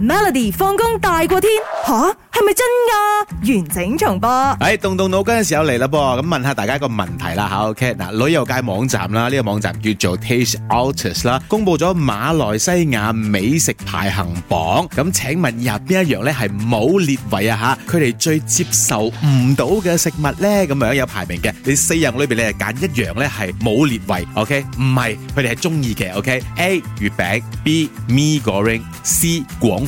Melody 放工大過天吓，係咪真噶？完整重播，誒動動腦筋嘅時候嚟啦噃，咁問下大家一個問題啦，吓，OK，嗱旅遊界網站啦，呢個網站叫做 Taste Atlas 啦，公布咗馬來西亞美食排行榜，咁請問入邊一樣咧係冇列位啊吓，佢哋最接受唔到嘅食物咧，咁樣有排名嘅，你四樣裏邊你係揀一樣咧係冇列位，OK，唔係佢哋係中意嘅，OK，A 月餅，BMee Goreng，C 廣。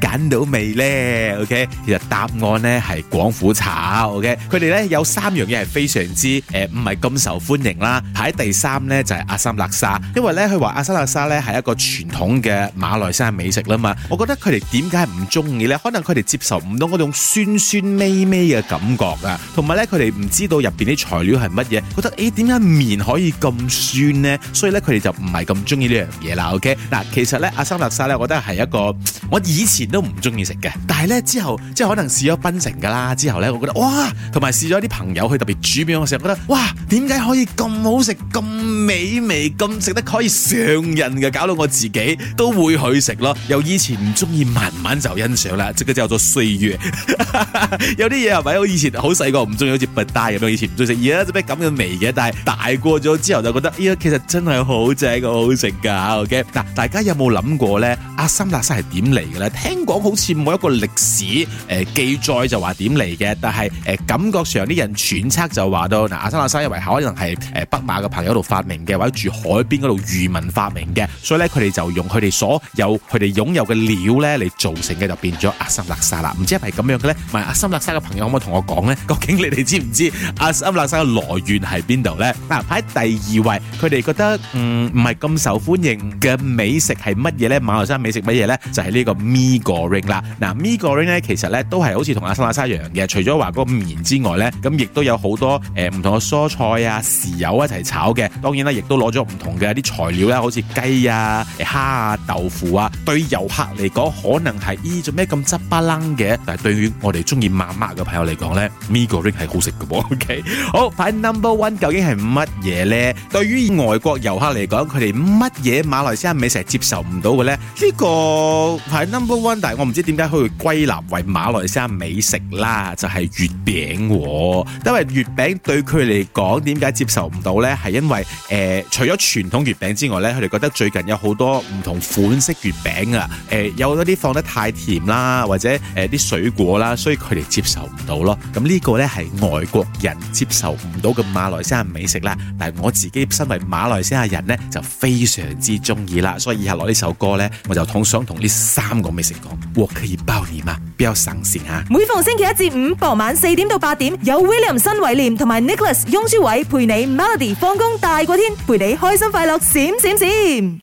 揀到未呢 OK，其實答案呢係廣府炒 OK，佢哋呢有三樣嘢係非常之誒唔係咁受歡迎啦。排第三呢就係、是、阿三辣沙，因為呢，佢話阿三辣沙呢係一個傳統嘅馬來西亞美食啦嘛。我覺得佢哋點解唔中意呢？可能佢哋接受唔到嗰種酸酸味味嘅感覺啊，同埋呢，佢哋唔知道入邊啲材料係乜嘢，覺得誒點解麵可以咁酸呢？所以呢，佢哋就唔係咁中意呢樣嘢啦。OK，嗱其實呢，阿三辣沙呢，我覺得係一個我以前。都唔中意食嘅，但係呢，之後即係可能試咗檳城噶啦，之後呢，我覺得哇，同埋試咗啲朋友去特別煮俾我食，時候，我覺得哇，點解可以咁好食、咁美味、咁食得可以上癮嘅？搞到我自己都會去食咯。由以前唔中意，慢慢就欣賞啦。即係叫做歲月。 有啲嘢係咪？我以前好細個唔中意，好似笨蛋咁樣。以前唔中意食嘢，而家做咩咁嘅味嘅？但係大過咗之後就覺得，哎其實真係好正，好好食噶。OK，嗱，大家有冇諗過呢？阿三辣沙係點嚟嘅咧？聽講好似冇一個歷史誒記載就話點嚟嘅，但係誒感覺上啲人揣測就話到嗱，阿三辣沙嘅維巧可能係誒北馬嘅朋友度發明嘅，或者住海邊嗰度漁民發明嘅，所以咧佢哋就用佢哋所有佢哋擁有嘅料咧嚟做成嘅就變咗阿三辣沙啦。唔知係咪咁樣嘅咧？問阿三辣沙嘅朋友可唔可以同我講咧？究竟你哋知唔知阿三辣沙嘅來源係邊度咧？嗱，排第二位，佢哋覺得嗯唔係咁受歡迎嘅美食係乜嘢咧？馬來西亞。你食乜嘢呢？就係、是、呢個 Mie Goreng 啦。嗱，Mie Goreng 呢其實呢都係好似同阿辛阿沙一樣嘅。除咗話嗰個麵之外呢，咁亦都有好多誒唔、呃、同嘅蔬菜啊、豉油一齊炒嘅。當然啦，亦都攞咗唔同嘅啲材料啦，好似雞啊、蝦啊、豆腐啊。對遊客嚟講，可能係咦做咩咁執巴楞嘅？但係對於我哋中意 Mamak 嘅朋友嚟講呢 Mie Goreng 係好食㗎。OK，好，排 number one 究竟係乜嘢呢？對於外國遊客嚟講，佢哋乜嘢馬來西亞美食係接受唔到嘅呢個係 number one，但係我唔知點解佢歸納為馬來西亞美食啦，就係、是、月餅。月餅為因為月餅對佢嚟講，點解接受唔到呢？係因為誒，除咗傳統月餅之外咧，佢哋覺得最近有好多唔同款式月餅啊，誒、呃，有啲放得太甜啦，或者誒啲、呃、水果啦，所以佢哋接受唔到咯。咁呢個呢，係外國人接受唔到嘅馬來西亞美食啦。但係我自己身為馬來西亞人呢，就非常之中意啦。所以以下攞呢首歌呢。我就。好想同呢三個美食講，我可以包你嘛，比較省事嚇。每逢星期一至五傍晚四點到八點，有 William 新偉廉同埋 Nicholas 雍舒偉陪你 Melody 放工大過天，陪你開心快樂閃閃閃。